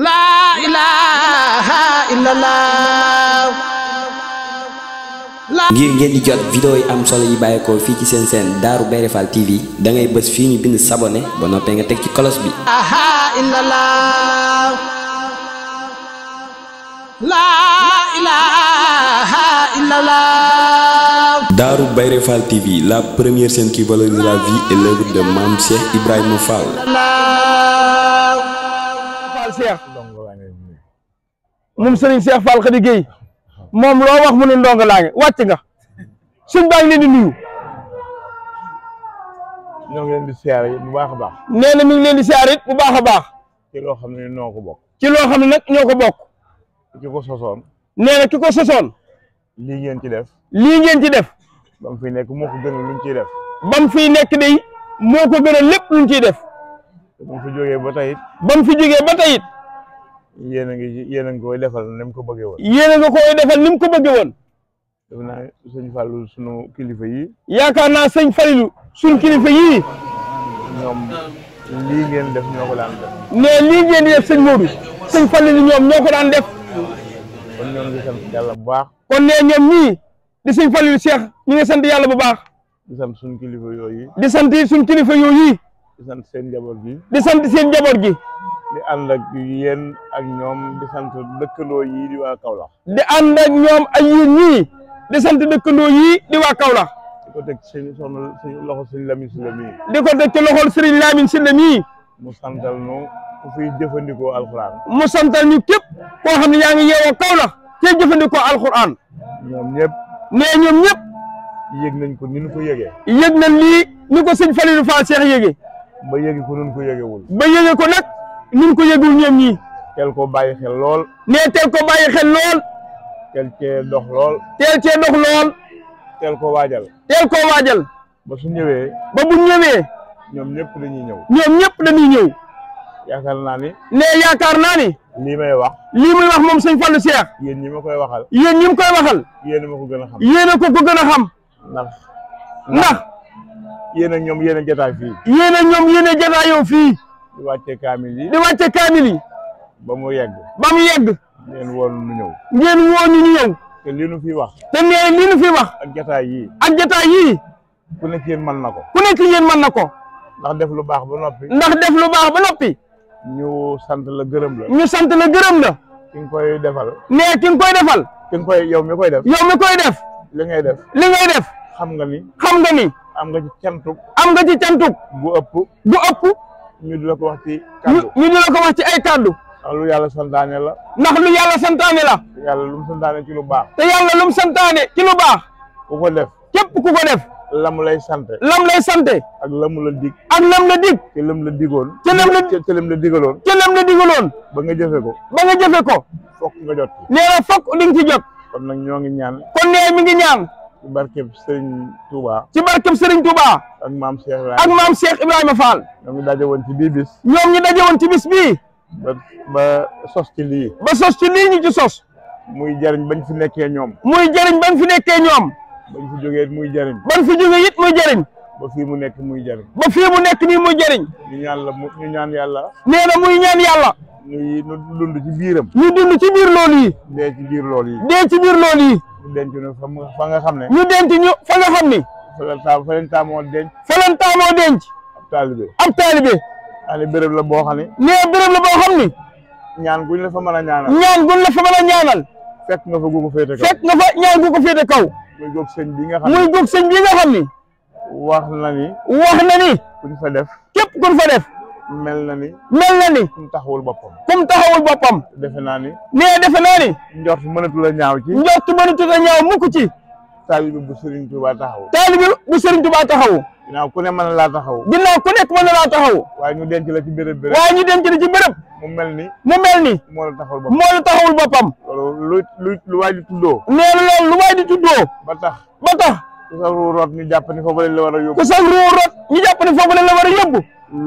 laa ilaaha illallaah ngir ngeen di jot vidéo yi am solo yi bàyyeekoo fii ci seen seen Darou Bairé Fall TV da bës fii ñu bind sabonné ba noppee nga teg ci kolos bi. Darou Bairé Fall TV la première chaîne qui vie et l'œuvre de Mame Cheikh Ibrahima Fall. Cheikh moom Serigne Cheikh Fall Khady Gueye moom loo wax mu ne ndongo laa wàcc nga suñ baa ngi leen di nuyu. ñoo ngi leen di siyaare bu baax a baax. nee na mi ngi leen di siyaare it bu baax a baax. ci loo xam ne noo ko bokk. ci loo xam ne nag ñoo ko bokk. ki ko sosoon. nee na ki ko sosoon. lii ngeen ci def. lii ngeen ci def. ba fi fiy nekk moo ko gënal luñ ciy def. ba mu fiy nekk day moo ko gënal lépp luñ ciy def. ba fi jógee ba tey it. fi jógee ba tey yéen a ngi yéen a ngi koy defal ni mu ko bëggee woon. yéen a ko koy defal ni mu ko bëggee woon. def naa sëñ Fallou sunu kilifa yi. yaakaar naa sëñ Fallou sunu kilifa yi. ñoom lii ngeen def ñoo ko daan def. mais lii ngeen di def sëñ Modou. sëñ Fallou ñoom ñoo ko daan def. kon ñoom di sant yàlla bu baax. kon ne ñoom ñii di ñu ngi sant yàlla bu baax. di sant sunu kilifa yooyu. di sant sunu kilifa yooyu. di sant seen njaboot gi. di sant seen njaboot gi. di ànd ak yéen ak ñoom di sant dëkkandoo yii di waa Kaolack. di ànd ak ñoom ak yéen ñii di sant dëkkandoo yii di waa Kaolack. di ko teg ci soxna loxo Serigne Lamine Sylla mii. di ko teg ci loxol Serigne Lamine Sylla mii. mu santal ñu ku fiy jëfandikoo alxuraan. mu santal ñu képp koo xam ne yaa ngi yeewoo Kaolack cee jëfandikoo alxuraan. ñoom ñëpp. nee ñoom ñëpp. yëg nañ ko ni ñu ko yëgee. yëg nañ lii ni ko sëñ Falilou Fall Cheikh yëgee. ba yëge ko nun ko yëgewul. ba yëge ko ñun ko yëgul ñoom ñi teel ko bàyyi xel lool. nee teel ko bàyyi xel lool. teel cee dox lool. teel cee dox lool. teel ko waajal. teel ko waajal. ba su ñëwee. ba bu ñëwee. ñoom ñëpp dañuy ñëw. ñoom ñëpp dañuy ñëw. yaakaar naa ni. nee yaakaar naa ni. lii may wax. lii muy wax moom sëñ Fallou Cheikh. yéen ñi ma koy waxal. yéen ñi ma koy yéen ma ko gën a xam. yéen a ko ko gën a xam. ñoom yéen a jotaay fii. yéen ak ñoom yéen a jotaayoo fii. di wàcce kaamil yi di wàcce kaamil yi. ba mu yegg. ba mu yegg. ngeen woon ñu ñëw. ngeen woo ñu ñu ñëw. te li fi wax. te nee li nu fi wax. ak jataay yi ak jataay yi ku nekk yéen mën na ko. ku nekk yéen man na ko. ndax def lu baax ba noppi. ndax def lu baax ba noppi. ñu sant la gërëm la. ñu sant la gërëm la. ki nga defal. nee ki nga koy defal. ki nga koy yow mi koy def. yow mi koy def. li ngay def. li ngay def. xam nga ni. xam nga ni. am nga ci cantuk. am nga ci cantuk. bu ëpp. bu ëpp. ñu di la ko wax ci kàddu ñu di la ko wax ci ay kàddu ndax lu yàlla santaane la ndax lu yàlla santaane la te yàlla lu santaane ci lu baax te yàlla lu santaane ci lu baax ku ko def képp ku ko def lam lay sante lam lay sante ak lamu la dig ak lam la dig ci lam la digoon ci lam la ci lam la digaloon ci lam la digaloon ba nga jëfe ko ba nga jëfe ko fokk nga jot nee na fokk di nga ci jot kon nag ñoo ngi ñaan kon nee mi ngi ñaan ci barkeb Serigne Touba. ci barkeb Serigne Touba. ak maam Cheikh Ibrahima ak maam Cheikh Ibrahima Fall. ñoom ñu daje woon ci bii bis. ñoom ñu daje woon ci bis bii. ba ba sos ci lii. ba sos ci lii ñu ci sos. muy jëriñ bañ fi nekkee ñoom. muy jëriñ bañ fi nekkee ñoom. bañ fi jógee it muy jëriñ. bañ fi jógee it muy jëriñ. ba fii mu nekk muy jëriñ. ba fii mu nekk nii muy jëriñ. ñu ñaan la mu ñu ñaan yàlla. nee na muy ñaan yàlla. ñuy ñu dund ci biiram. ñu dund ci biir loolu yi. dee ci biir loolu yi. dee ci biir loolu yi. ñu denc ñu fa nga xam ne. ñu denc ñu fa nga xam ni. fa leen taamu fa leen taamoo denc. fa leen taamoo denc. ab taalibe. ab taalibe. ale béréb la boo xam ne. nee béréb la boo xam ni. ñaan guñ la fa mën a ñaanal. ñaan guñ la fa mën a ñaanal. fekk nga fa gu ko féete kaw. fekk nga fa ñaan gu ko féete kaw. muy góog sëñ bi nga xam ne muy góog sëñ bi nga xam ni. wax na ni. wax na ni. kuñ fa def. képp kuñ fa def. mel na ni. mel na ni. kum taxawul boppam. kum taxawul boppam. defe naa ni. nee defe naa ni. njort mënatu la ñaaw ci. njort mënatu a ñaaw mukk ci. taalibi bu Serigne Touba taxaw. taalibi bu Serigne Touba taxaw. ginnaaw ku ne mën na laa taxaw. ginnaaw naa nekk mën na laa taxaw. waaye ñu denc la ci béréb béréb. waaye ñu denc la ci béréb. mu mel ni. mu mel ni. moo la taxawul boppam moo la taxawul boppam. loolu lu lu lu waay di tuddoo. nee na ku sa ruu rot ñu jàpp ne foofu la war a yóbbu. war a yóbbu.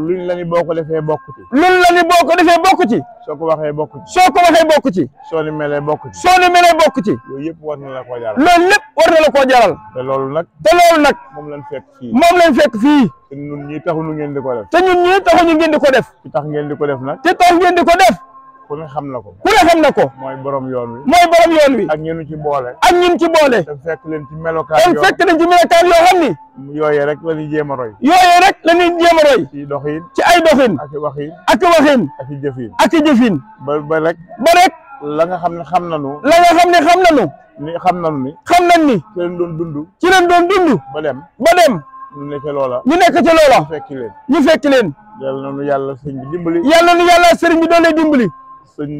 luñ la ni ko defee bokk ci. luñ la ni boo ko defee bokk ci. soo ko waxee bokk ci. soo bokk ci. soo ni melee bokk ci. soo ni melee bokk ci. loolu yëpp war na la koo jaral. lépp war na la koo jaral. te loolu nag. te loolu nag. moom lañ fekk fii. moom lañ fekk fii. te ñun ñii taxuñu ngeen di ko def. te ñun ñii taxuñu ngeen di ko def. te tax ngeen di ko def nag. te tax ngeen ko def. ku ne xam na ko. ku ne xam na ko. mooy borom yoon wi. mooy borom yoon wi. ak ñun ci boole. ak ñun ci boole. te fekk leen ci melokaan yoo fekk leen ci melokaan yoo xam ni. yooyee rek la ñuy jéem a roy. yooyee rek la ñuy jéem a roy. ci doxin. ci ay doxin. ak waxin. ak waxin. ak i jëfin. ak i jëfin. ba ba rek. ba rek. la nga xam ne xam nanu. la nga xam ne xam nanu. ni xam nanu ni. xam nan ni. ci leen doon dund. ci leen doon dund. ba dem. ba dem. ñu nekk ca loola. ñu nekk ca loola. ñu fekk leen. ñu fekk leen. yàlla na nu yàlla sëriñ bi dimbali. yàlla na nu yàlla sëriñ bi doole dimbali sëñ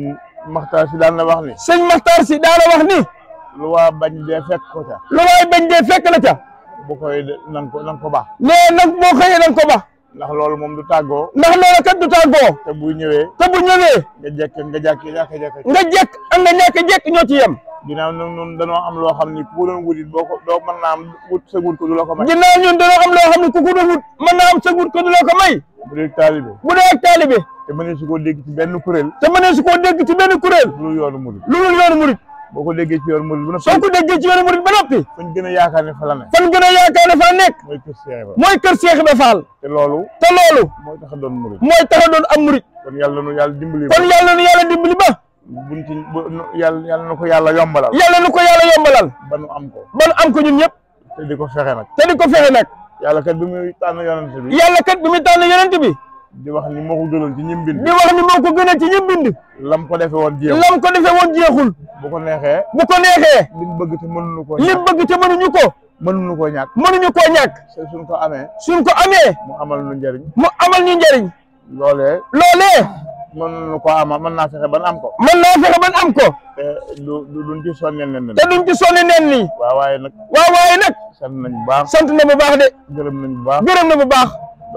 Maxtaar si daan la wax ni. sëñ Maxtaar si daan la wax ni. lu waa bañ dee fekk ko ca. lu bañ dee fekk la ca. bu koy na ko na ko baax. nee na ko baax. ndax loolu moom du tàggoo ndax loolu kat du tàggoo te bu ñëwee te bu ñëwee nga jekk nga jàkk jàkk-jàkk nga jekk ak nga jàkk-jekk ñoo ci yem ginnaaw nag ñun danoo am loo xam ni ku ko doon wut it boo ko doo mën naa am wut sa wut ko du la ko may ginnaaw ñun dañoo am loo xam ni ku ko doon wut mën naa am sa wut ko du la ko bu dee taalibe bu dee ak taalibe te mënee su koo dégg ci benn kuréel te mënee su koo dégg ci benn kuréel lu yoonu murit lu yoonu murit boo ko déggee ci yoonu murid ba noppi soo ko déggee ci yoonu murid ba gën a yaakaar ne fa nekk fañ gën a yaakaar ne fa la nekk mooy kër Cheikh Ibra mooy te loolu te loolu mooy tax a doon murid mooy tax a doon am murid kon yàlla nu yàlla dimbali ba buñ ci yàlla yàlla ko yàlla yombalal yàlla na ko yàlla yombalal ba nu am ko ba ko ñun ñëpp te di ko fexe nag te di ko fexe nag yàlla kat bi muy tànn yonent bi di wax ni moo ko gënoon ci ñim bind di wax ni moo ko gënoon ci ñim lam ko defee woon jeexul lam ko defee woon jeexul bu ko neexee bu ko neexee lim bëgg te mënuñu ko lim bëgg te mënuñu ko mënuñu koo ñàkk mënuñu koo ñàkk suñ ko amee suñ ko amee mu amal ñu njëriñ mu amal ñu njëriñ loolee loolee mënuñu koo ama mën naa fexe ban am ko man naa fexe ban am ko te du duñ ci sonne nen ni te duñ ci sonne waaye nag waaw waaye nag sant na bu baax sant na bu baax de gërëm nañ bu baax gërëm na bu baax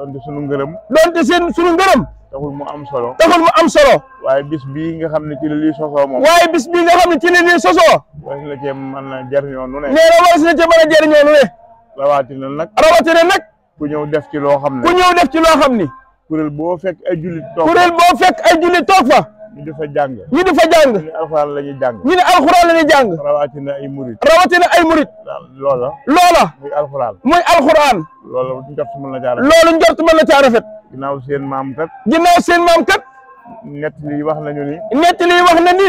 donte sunu ngërëm. donte seen sunu ngërëm. taxul mu am solo. taxul mu am solo. waaye bis bii nga xam ne ci la lii sosoo moom. waaye bis bii nga xam ne ci la lii sosoo. waris na cee mën a jëriñoo nu ne. nee na waris na cee mën a jëriñoo nu ne. rawatina nag. rawatina nag. ku ñëw def ci loo xam ne. ku ñëw def ci loo xam ni. kuréel boo fekk ay jullit toog fa kuréel boo fekk ay jullit toog fa. ñu di fa jàng ñu di fa jàng ñu ne alxuraan la ñuy jàng ñu ne alxuraan la ñuy jàng rawatina ay murit rawatina ay murit loola loola muy alxuraan muy alxuraan loola njort mën na caa rafet loolu njort mën na caa rafet ginnaaw seen maam kat ginnaaw seen maam kat nett lii wax nañu ni nett lii wax na ni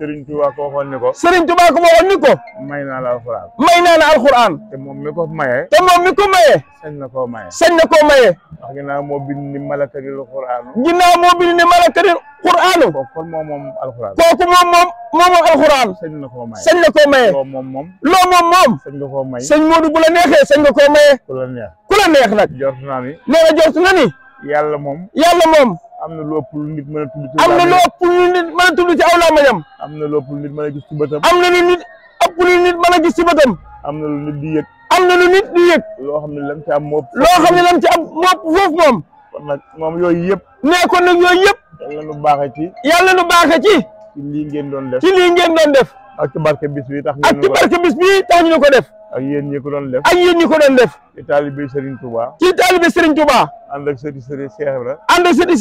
Serigne Touba ko waxoon ni ko. Serigne Touba ko waxoon ni ko. may naa la alxuraan. may naa la alxuraan. te moom mi ko maye. te moom mi ko maye. sañ na koo maye. sañ na koo maye. ndax ginnaaw moo bind ni malakari alxuraan. ginnaaw moo bind ni malakari alxuraan. kooku kon moom moom alxuraan. kooku moom moom moom moom alxuraan. sañ na koo maye. sañ na koo maye. loo moom moom. loo moom moom. sañ nga koo maye. sañ Modou bu la neexee sañ nga koo maye. ku la neex ku la neex nag. jortu naa ni. nee na jortu na ni. yàlla moom. yàlla moom. am na lépp lu nit mën a tudd ci. am aw làmmiñam. am na lépp lu nit a gis ci bëtam. am na lu nit ëpp lu nit mën gis ci bëtam. am na lu nit di yëg. am na lu nit di yëg. loo xam ne lam ci am mopp. loo xam ne lam ci am mopp foofu moom. kon nag moom yooyu yëpp. nee kon nag yooyu yëpp. yàlla nu baaxee ci. yàlla nu baaxee ci. ci lii ngeen doon def. ci lii ngeen doon def. ak ci barke bis bi tax ñu ko def ak ci barke bis ko def. ak yéen ñi ko doon def ak yéen ñi ko doon def ci taalibe Serigne Touba ci taalibe Serigne Touba ànd ak sëti sëriñ Cheikh Ibra ànd ak sëti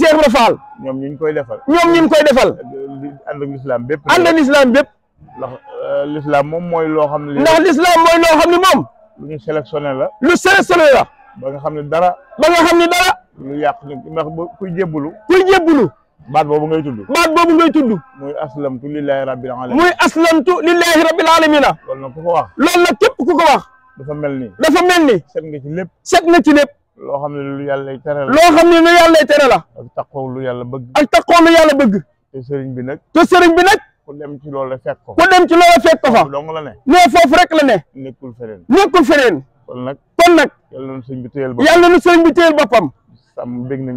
ñoom ñu koy defal ñoom ñu koy defal euh, ànd ak lislaam bépp ànd ak lislaam bépp ndax euh, lislaam moom mooy loo xam ne ndax lislaam mooy loo xam ne moom lu ñu sélectionné la lu sélectionné la ba nga xam ne dara ba nga xam ne dara lu yàq ni ndax kuy jébbalu kuy jébbalu baat boobu ngay tudd. baat boobu ngay tudd. muy aslamtu lillahi rabbil alamin. muy aslamtu lillahi rabbil alamin. loolu na ku ko wax. loolu nag képp ku ko wax. dafa mel ni. dafa mel ni. set nga ci lépp. set na ci lépp. loo xam ne lu yàlla tere la. loo xam ne lu yàlla tere la. ak taqoo lu yàlla bëgg. ak taqoo lu yàlla bëgg. te sëriñ bi nag. te sëriñ bi nag. ku dem ci loola fekk ko. ku dem ci loola fekk ko fa. dong la ne. foofu rek la ne. nekkul feneen. nekkul feneen. kon nag. kon nag. yàlla na bi téyel boppam. yàlla na sëriñ bi téyel boppam.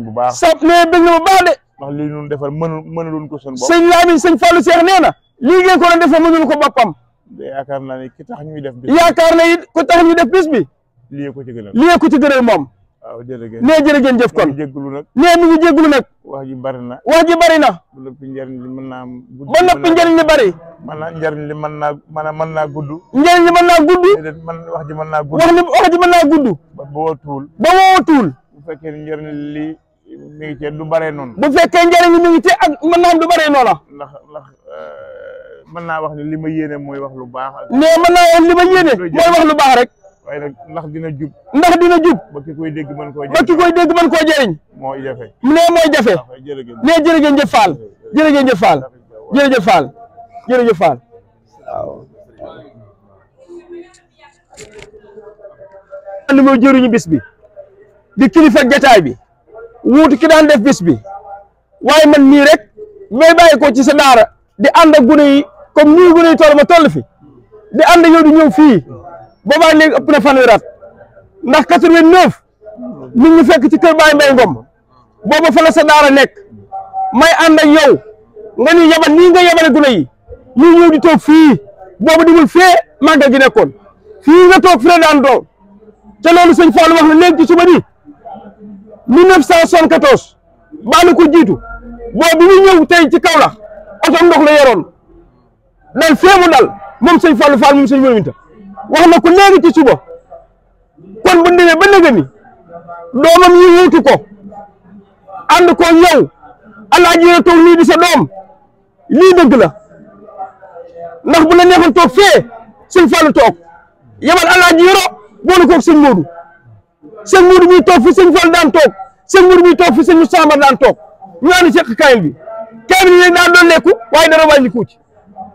bu baax. sàmm ndax lii ñun defal mën mënaluñ ko seen bopp. sëñ Lamine sëñ Fallou Cheikh nee lii ngeen ko doon defal mënul ko boppam. yaakaar naa ne ki tax ñuy def. bis yaakaar na it ku tax ñu def bis bi. lii ko ci gënal lii ko ci gënal moom. waaw jërëjëf nee jërëjëf jëf kon nee mu ngi jégalu nag. wax ji bari na. wax ji bari na. ba noppi njëriñ li mën naa. ba noppi njëriñ li bari. mën naa njëriñ li naa mën naa gudd. njëriñ li mën naa gudd. man wax ji mën naa gudd. wax ji ba woo tuul. ba woo tuul. bu fekkee njëriñ li. mi ngi baree noonu. bu fekkee njëriñ mi ngi ci ak man naa am du baree noonu. ndax ndax euh, mën naa wax ne li ma yéene mooy wax lu baax. mais mën naa wax li ma yéene. mooy wax rek. waaye nag ndax dina jub. ndax dina jub. ba koy dégg mën koo jëriñ ba ki koy dégg mën koo jëriñ. moo jafe. nee mooy jafe. nee jërëjëf jëf Fall. jërëjëf jëf Fall. jërëjëf Fall. jërëjëf Fall waaw. li mooy jëriñu bis bi di bi wuutu ki daan def bis bi waaye man mii rek may bàyyi ko ci sa daara di ànd ak gune yi comme nii gune yi toll ma toll fi di ànd ak yow di ñëw fii boobaa léegi ëpp na fanweeri at ndax 89 nit ñu fekk ci kër Baye Mbaye Ngom booba fa la sa daara nekk may ànd ak yow nga ni yabal nii nga yabale gune yi ñuy ñëw di toog fii booba dimul fee màggal gi nekkoon fii nga toog fii daan doon ca loolu sëñ Fall wax na léegi ci suba nii 1974 baalu ko jiitu boo bi ñu ñëw tey ci Kaolack oto ndox la yoroon dal fee mu dal moom sëñ Fallou Fall moom sëñ wax na ko léegi ci suba kon bu demee ba léegi ni doomam yi wuutu ko ànd ko yow alaaji toog lii di doom lii dëgg la ndax bu la neexoon toog fee sëñ Fallou toog yebal alaaji yoro boole koog sëñ Modou sëñ Mourou muy toog fi sëñ Fall daan toog sëñ Mourou muy toog fi sëñ Moussa Amar daan toog ñu ànd seq kaayal bi kaayal bi nag daan doon lekku waaye dara wàññi kuuti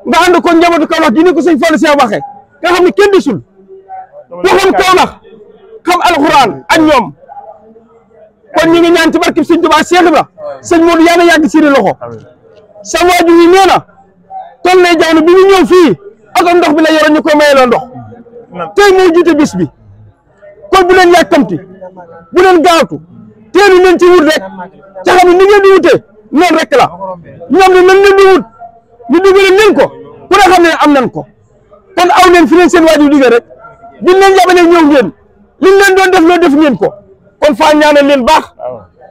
nga ànd ko njabootu Kaolack gi ni ko sëñ Fall si nga xam ne kenn desul ku xam Kaolack xam alxuraan ak ñoom kon ñu ngi ñaan ci barkeb sëñ Tuubaa Seex Ibra sëñ Mourou yaa ngi yàgg si loxo sa waajur yi nee na toll na bi ñu ñëw fii ak ndox bi la yoroon ñu ko mayeloo ndox tey moo jiite bis bi. kon bu len yakamti bu len gaawtu teelu leen ci wut rek ca xam ne ni ngeen di wuté non rek la ñom ne nan leen di wut ñu duggal leen ko ku ne xam am nañ ko kon aw leen fi len seen waajur duggal rek biñ leen yabalee ñew ngeen li len doon def lo def ngeen ko kon fa ñaanal len bax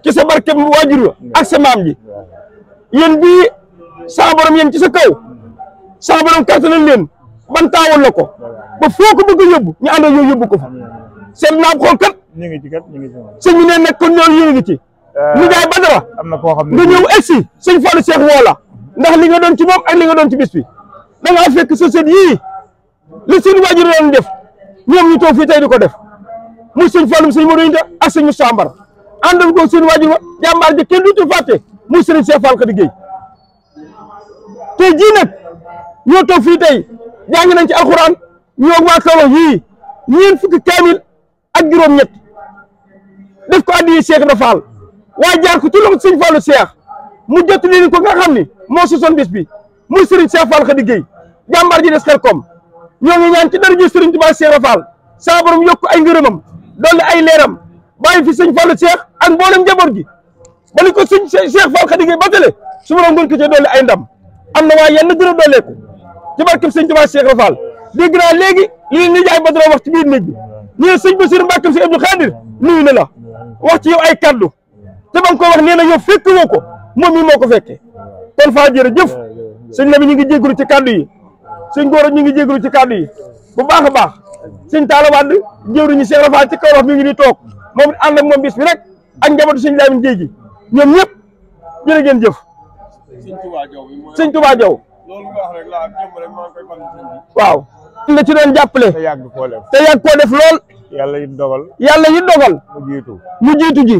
ci sa barke waajur wa ak sa mam ji yeen bi sa borom yeen ci sa kaw sa borom kàttanal len ban tawul lako ba foko bëgg yobbu ñu ànd ak ko fa seen naam xool kat. ñu ñu ngi ci moom. sëñ bi nee nag kon ñooñu ngi ci. mu euh, jaay Badara. am na koo xam ne nga ñëw egsi sëñ Fallou Cheikh woo la ndax li nga doon ci moom ak li nga doon ci bis bi da ngaa fekk sa sët yii li seen waajur doon def ñoom ñu toog fii tey di ko def mu sëñ Fallou sëñ Modou Inda ak sëñ Moussa Mbar àndal ko seen waajur wa jàmbaar ja kenn duutu fàtte mu sëriñ Cheikh Fall Khady Gueye tey jii nag ñoo toog fii tey jàng nañ ci alxuraan ñoo waa Kaolack yii ñeen fukki kaamil ak juróom-ñett def ko addiyi Cheikh Ibra Fall waaye jaar ko ci loxo sëñ Fallou Cheikh mu jot leen ko nga xam ni moo sosoon bis bi muy Serigne Cheikh Fall Khady Gueye jàmbaar ji des xel kom ñoo ngi ñaan ci dara ji Serigne Touba Cheikh Ibra Fall saa borom yokk ay ngërëmam dolli ay leeram bàyyi fi sëñ Fallou Cheikh ak mboolem njaboot gi ba li ko sëñ Cheikh Fall Khady Gueye ba su borom ngën ko ay ndam am na waaye yenn gën a dooleeku ci barkeb sëñ Touba Cheikh Ibra Fall dégg naa léegi li ñu jaay ba dara wax ci biir néeg ñu ne sëñ Basiir Mbàkke si Abdou Khadir nuyu na la wax ci yow ay kaddu te ba nga wax nee na yow fekk woo ko moom mi moo ko fekke kon faa jërëjëf sëñ la bi ñu ngi jégalu ci kaddu yi sëñ góor ñu ngi jégalu ci kaddu yi bu baax a baax sëñ Talla Wade jëwriñu Cheikh Rafa ci kaw mi ngi ni toog moom it ànd moom bis bi rek ak njabootu sëñ Lamin Jéegi ñoom ñëpp jërë ngeen jëf sëñ Tuubaa Jaw waaw la ci doon jàppale te yàgg koo def lool yàlla it dogal. yàlla it dogal. mu jiitu mu jiitu ji.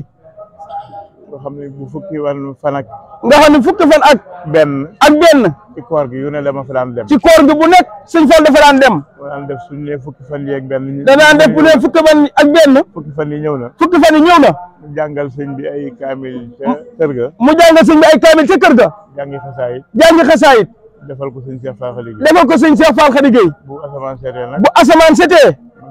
nga xam ne bu fukki fan ak. nga xam ne fukki fan ak. benn ak benn. ci koor gi yu ne dama fa daan dem. ci koor gi bu nekk suñ fal dafa daan dem. ma daan def suñ ne fukki fan yi ak benn. danaan def bu ne fukki fan ak benn. fukki fan yi ñëw na. fukki fan yi ñëw na. mu jàngal sëñ bi ay kaamil ca kër ga. mu jàngal sëñ bi ay kaamil ca kër ga. jàngi xasaayit. jàngi xasaayit. defal ko sëñ Cheikh Fall Khady Gueye. defal ko sëñ Cheikh Fall Khady Gueye. bu asamaan seetee nag. bu asamaan seetee.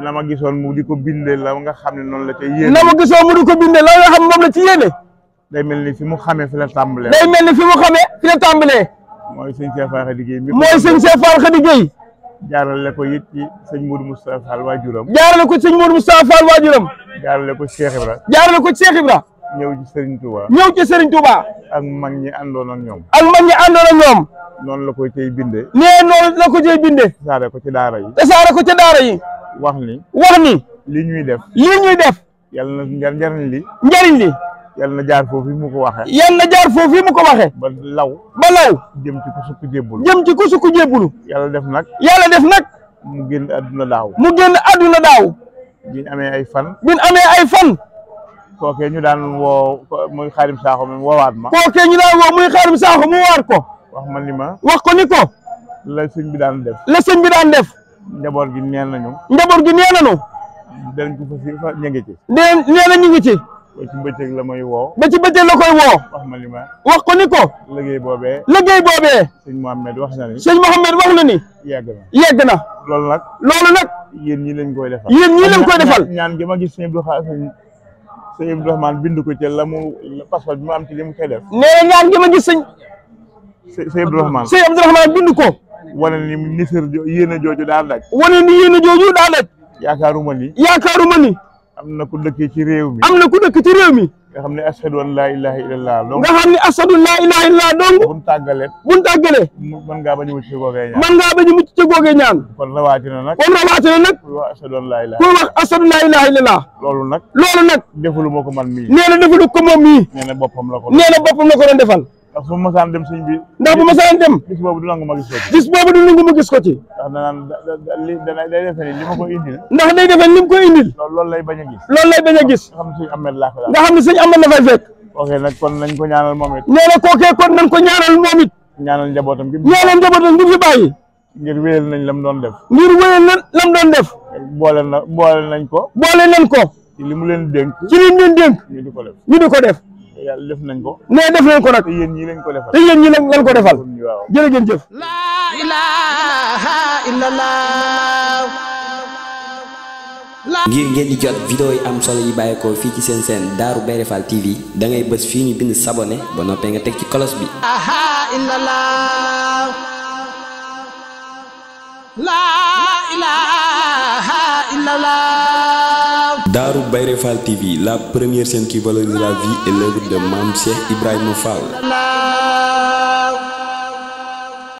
na ma gisoon mu di ko bindee la nga xam ne noonu la ca yéene. na ma gisoon mu di ko bindee la nga xam moom la ci yéene. day mel ni fi mu xamee fi la tàmbalee. day mel ni fi mu xamee fi la tàmbalee. mooy sëñ Cheikh Fall Khady Gueye. mooy sëñ Cheikh Fall Khady Gueye. jaarale ko it ci sëñ Modou Moustapha Fall waajuram. jaarale ko sëñ Modou Moustapha Fall waajuram. jaarale ko Cheikh Ibra. jaarale ko Cheikh Ibra. ñëw ci Serigne Touba. ñëw ci Serigne Touba. ak mag ñi àndoon ak ñoom. ak mag ñi àndoon ak ñoom. noonu la ko cay bindee. nee noonu la ko cay bindee. tasaare ko ci daara yi. tasaare ko ci daara yi. wax ni. wax ni. li ñuy def. li ñuy def. yàlla na njariñ li. njariñ li. yàlla na jaar foofu mu ko waxee. yàlla na jaar foofu mu ko waxee. ba law. ba law. jëm ci ku sukk jébbulu. jëm ci ku sukk jébbulu. yàlla def nag. yàlla def nag. mu génn àdduna daaw. mu génn àdduna daaw. biñ amee ay fan. biñ amee ay fan. kookee ñu daan woo muy xaarim saaxo mi woowaat ma. kookee ñu daan woo muy mu waar ko. wax ma ni ma. wax ko ni ko. la sëñ bi daan def. la sëñ bi daan def. njaboot gi nee nañu. njaboot gi nee nañu. dinañ ko fas ñu ngi ci. dinañ nee na ñu ngi ci. ba ci bëccëg la may woo. ba ci bëccëg la koy woo. wax ma li ma. wax ko ni ko. liggéey boobee. liggéey boobee. sëñ Mouhamed wax na ni. sëñ Mouhamed wax na ni. yegg na yegg na. loolu nag. loolu nag. yéen ñii lañ koy defal. yéen ñii lañ koy defal. ñaan gi ma gis sëñ Abdou Xaadir sëñ Abdou Rahman bind ko ca la mu passeport bi mu am ci li mu koy def. nee na ñaan gi ma gis sëñ. sëñ Abdou Rahman sëñ Abdou Rahman bind ko. wane ni nisër yéen a jooju daa laaj wane ni yéen a jooju daa laaj yaakaaruma ni yaakaaruma ni am na ku dëkk ci réew mi am na ku dëkk ci réew mi nga xam ne ashadu an laa ilaha illallah donc nga xam ne ashadu an laa ilaha illallah donc buñ tàggalee buñ tàggalee mën ngaa bañ a mucc ci googee ñaan mën ngaa bañ a mucc ci googee ñaan kon rawaatina nag kon rawaatina nag ku wax ashadu loolu nag loolu nag ko man mi nee na defulu ko moom mii nee boppam la ko nee na boppam defal ndax bu dem sëñ bi ndax bu dem gis boobu du nangu ma gis ko ci gis boobu du nangu ma gis ko ci ndax danaan ada day defe ni li ma lay bañ a lay bañ a gis nga xam ne sëñ Ahmed laa ko nga xam ne sëñ Ahmed la fay fekk ok nag kon nañ ko ñaanal moom it nee na kookee kon nañ ko ñaanal moom it ñaanal njabootam gi ñaanal njabootam gi fi bàyyi ngir wéyal nañ lam doon def ngir wéyal nañ lam doon def boole na boole nañ ko boole nañ ko ci li mu leen ci li mu leen ñu di def ñu di def yàlla def nañ ko mais def nañ ko nag te yéen ñi lañ ko defal te yéen ñi lañ ko la ilaha illallah ngir ngeen di jot vidéo yi am solo yi bàyyeekoo fii ci seen seen Darou Bairé Fall TV da ngay bës fii ñu bind sabonné ba noppee nga teg ci kolos bi. La ilaha illallah. Daaru Fall TV, la première chaîne qui valorise la vie et l'œuvre de Mam Cheikh Ibrahim Fall.